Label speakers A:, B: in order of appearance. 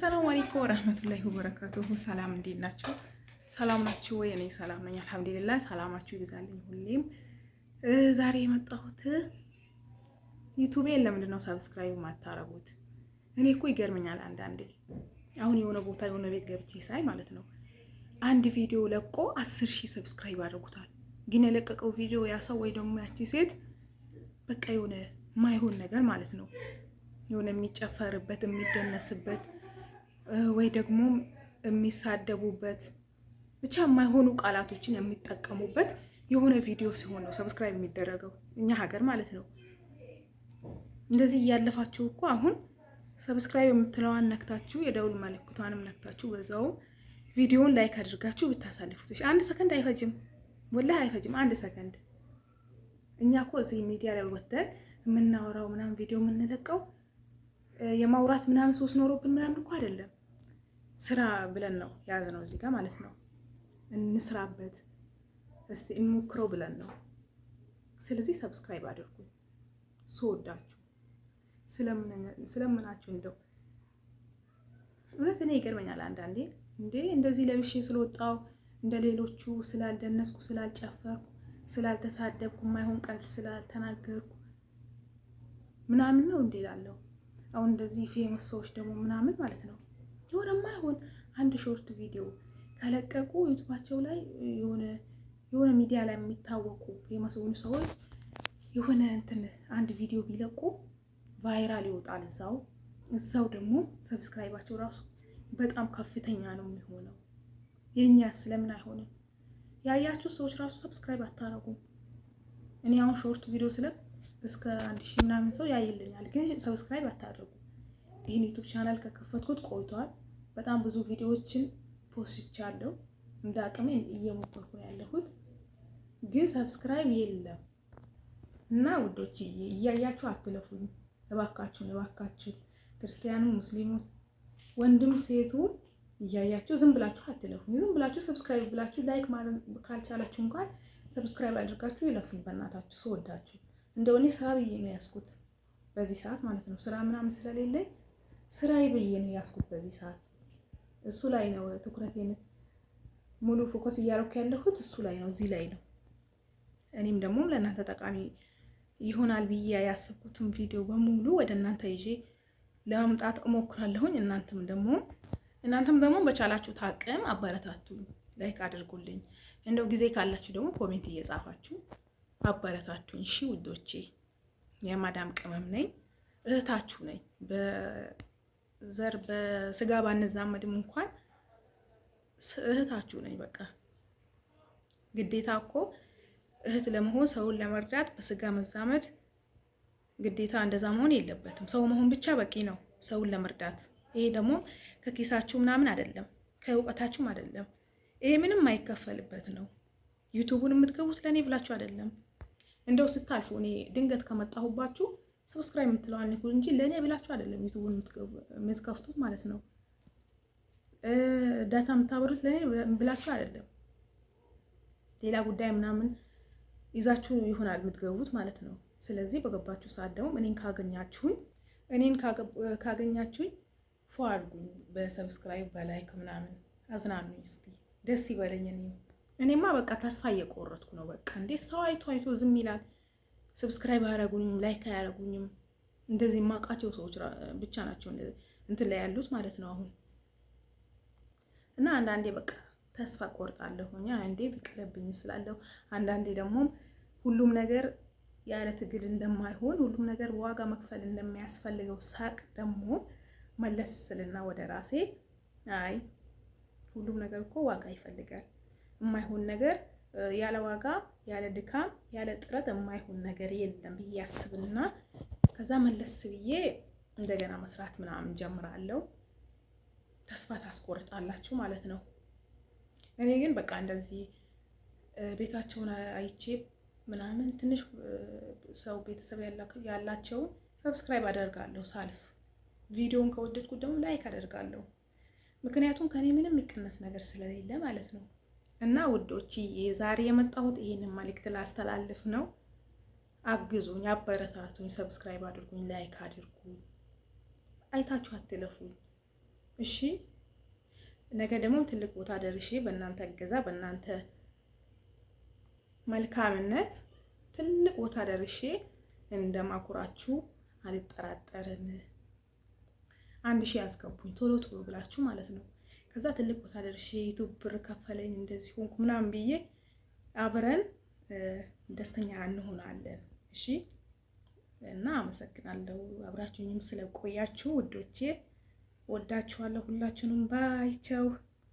A: ሰላም አለይኩም ወራህመቱላሂ ወበረካቱሁ። ሰላም እንዴት ናቸው? ሰላም ናችሁ ወይ? እኔ ሰላም ነኝ አልሐምዱሊላህ። ሰላማችሁ ይብዛልኝ ሁሌም። ዛሬ የመጣሁት ዩቱቤን ለምንድን ነው ሰብስክራይብ ማታረጉት? እኔ እኮ ይገርመኛል አንዳንዴ። አሁን የሆነ ቦታ የሆነ ቤት ገብቼ ሳይ ማለት ነው አንድ ቪዲዮ ለቆ አስር ሺህ ሰብስክራይብ አድርጉታል። ግን የለቀቀው ቪዲዮ ያ ሰው ወይ ደግሞ ያቺ ሴት በቃ የሆነ ማይሆን ነገር ማለት ነው የሆነ የሚጨፈርበት የሚደነስበት ወይ ደግሞ የሚሳደቡበት ብቻ የማይሆኑ ቃላቶችን የሚጠቀሙበት የሆነ ቪዲዮ ሲሆን ነው ሰብስክራይብ የሚደረገው እኛ ሀገር ማለት ነው። እንደዚህ እያለፋችሁ እኮ አሁን ሰብስክራይብ የምትለዋን ነክታችሁ የደውል ምልክቷንም ነክታችሁ በዛውም ቪዲዮን ላይክ አድርጋችሁ ብታሳልፉት አንድ ሰከንድ አይፈጅም፣ ወላሂ አይፈጅም አንድ ሰከንድ። እኛ እኮ እዚህ ሚዲያ ላይ ወጥተን የምናወራው ምናምን ቪዲዮ የምንለቀው የማውራት ምናምን ሶስት ኖሮብን ምናምን እኮ አይደለም። ስራ ብለን ነው የያዝነው እዚህ ጋር ማለት ነው። እንስራበት እስቲ እንሞክረው ብለን ነው። ስለዚህ ሰብስክራይብ አድርጉ። ስወዳችሁ ስለምናችሁ እንደው እውነት እኔ ይገርመኛል አንዳንዴ እንዴ እንደዚህ ለብሼ ስለወጣው እንደ ሌሎቹ ስላልደነስኩ፣ ስላልጨፈርኩ፣ ስላልተሳደብኩ፣ የማይሆን ቃል ስላልተናገርኩ ምናምን ነው እንዴ ላለው አሁን እንደዚህ ፌመስ ሰዎች ደግሞ ምናምን ማለት ነው የሆነማ ይሆን አንድ ሾርት ቪዲዮ ከለቀቁ ዩቱባቸው ላይ የሆነ የሆነ ሚዲያ ላይ የሚታወቁ ፌመስ ሰዎች የሆነ እንትን አንድ ቪዲዮ ቢለቁ ቫይራል ይወጣል። እዛው እዛው ደግሞ ሰብስክራይባቸው ራሱ በጣም ከፍተኛ ነው የሚሆነው። የእኛ ስለምን አይሆንም? ያያችሁ ሰዎች ራሱ ሰብስክራይብ አታረጉም። እኔ አሁን ሾርት ቪዲዮ ስለም እስከ አንድ ሺህ ምናምን ሰው ያይልኛል፣ ግን ሰብስክራይብ አታደርጉም። ይህን ዩቱብ ቻናል ከከፈትኩት ቆይተዋል። በጣም ብዙ ቪዲዮዎችን ፖስቻለሁ። እንደ አቅሜ እየሞከርኩ ነው ያለሁት፣ ግን ሰብስክራይብ የለም እና ውዶች እያያችሁ አትለፉኝ እባካችሁን፣ እባካችሁ ክርስቲያኑ፣ ሙስሊሙ፣ ወንድም ሴቱ እያያችሁ ዝም ብላችሁ አትለፉኝ። ዝም ብላችሁ ሰብስክራይብ ብላችሁ ላይክ ማድረግ ካልቻላችሁ እንኳን ሰብስክራይብ አድርጋችሁ ይለፉኝ። በእናታችሁ ስወዳችሁ እንደው እኔ ስራ ብዬ ነው ያስኩት በዚህ ሰዓት ማለት ነው። ስራ ምናምን ስለሌለኝ ስራዬ ብዬ ነው ያስኩት በዚህ ሰዓት እሱ ላይ ነው ትኩረቴን ሙሉ ፎከስ እያደረኩ ያለሁት እሱ ላይ ነው፣ እዚህ ላይ ነው። እኔም ደግሞ ለእናንተ ጠቃሚ ይሆናል ብዬ ያሰብኩትን ቪዲዮ በሙሉ ወደ እናንተ ይዤ ለመምጣት እሞክራለሁኝ። እናንተም ደግሞ እናንተም ደግሞ በቻላችሁ ታቅም አበረታቱ ላይክ አድርጉልኝ። እንደው ጊዜ ካላችሁ ደግሞ ኮሜንት እየጻፋችሁ አበረታቱኝ። እሺ ውዶቼ፣ የማዳም ቅመም ነኝ፣ እህታችሁ ነኝ። ዘር በስጋ ባንዛመድም እንኳን እህታችሁ ነኝ። በቃ ግዴታ እኮ እህት ለመሆን ሰውን ለመርዳት በስጋ መዛመድ ግዴታ እንደዛ መሆን የለበትም። ሰው መሆን ብቻ በቂ ነው ሰውን ለመርዳት። ይሄ ደግሞ ከኪሳችሁ ምናምን አይደለም፣ ከእውቀታችሁም አይደለም። ይሄ ምንም አይከፈልበት ነው። ዩቱቡን የምትገቡት ለእኔ ብላችሁ አይደለም። እንደው ስታልፉ እኔ ድንገት ከመጣሁባችሁ ሰብስክራይብ የምትለው ነው እንጂ ለእኔ ብላችሁ አይደለም ዩቱብ የምትከፍቱት ማለት ነው። ዳታ የምታበሩት ለእኔ ብላችሁ አይደለም፣ ሌላ ጉዳይ ምናምን ይዛችሁ ይሆናል የምትገቡት ማለት ነው። ስለዚህ በገባችሁ ሰዓት ደግሞ እኔን ካገኛችሁኝ እኔን ካገኛችሁኝ ፎ አድርጉኝ፣ በሰብስክራይብ በላይክ ምናምን አዝናኑኝ። እስኪ ደስ ይበለኝ። እኔማ በቃ ተስፋ እየቆረጥኩ ነው። በቃ እንዴ ሰው አይቶ አይቶ ዝም ይላል። ሰብስክራይብ አያረጉኝም፣ ላይክ አያረጉኝም። እንደዚህ የማውቃቸው ሰዎች ብቻ ናቸው እንትን ላይ ያሉት ማለት ነው። አሁን እና አንዳንዴ በቃ ተስፋ ቆርጣለሁ። አንዴ ቢቀርብኝ ስላለሁ፣ አንዳንዴ ደግሞ ሁሉም ነገር ያለ ትግል እንደማይሆን ሁሉም ነገር ዋጋ መክፈል እንደሚያስፈልገው ሳቅ ደግሞ መለስ ስልና ወደ ራሴ አይ ሁሉም ነገር እኮ ዋጋ ይፈልጋል የማይሆን ነገር ያለ ዋጋ ያለ ድካም ያለ ጥረት የማይሆን ነገር የለም ብዬ አስብና ከዛ መለስ ብዬ እንደገና መስራት ምናምን ጀምራለሁ። ተስፋ ታስቆርጣላችሁ ማለት ነው። እኔ ግን በቃ እንደዚህ ቤታቸውን አይቼ ምናምን ትንሽ ሰው ቤተሰብ ያላቸውን ሰብስክራይብ አደርጋለሁ ሳልፍ ቪዲዮውን ከወደድኩት ደግሞ ላይክ አደርጋለሁ። ምክንያቱም ከኔ ምንም የሚቀነስ ነገር ስለሌለ ማለት ነው። እና ውዶችዬ ዛሬ የመጣሁት ይሄንን መልእክት ላስተላልፍ ነው። አግዙኝ፣ አበረታቱኝ፣ ሰብስክራይብ አድርጉኝ፣ ላይክ አድርጉኝ፣ አይታችሁ አትለፉኝ። እሺ፣ ነገ ደግሞ ትልቅ ቦታ ደርሼ በእናንተ እገዛ በእናንተ መልካምነት ትልቅ ቦታ ደርሼ እንደማኩራችሁ አልጠራጠርም። አንድ ሺህ ያስገቡኝ ቶሎ ቶሎ ብላችሁ ማለት ነው። ከዛ ትልቅ ቦታ ደርሼ ዩቱብ ብር ከፈለኝ እንደዚህ ሆንኩ ምናምን ብዬ አብረን ደስተኛ እንሆናለን። እሺ እና አመሰግናለሁ። አብራችሁኝም ስለቆያችሁ ውዶቼ ወዳችኋለሁ። ሁላችሁንም ባይቸው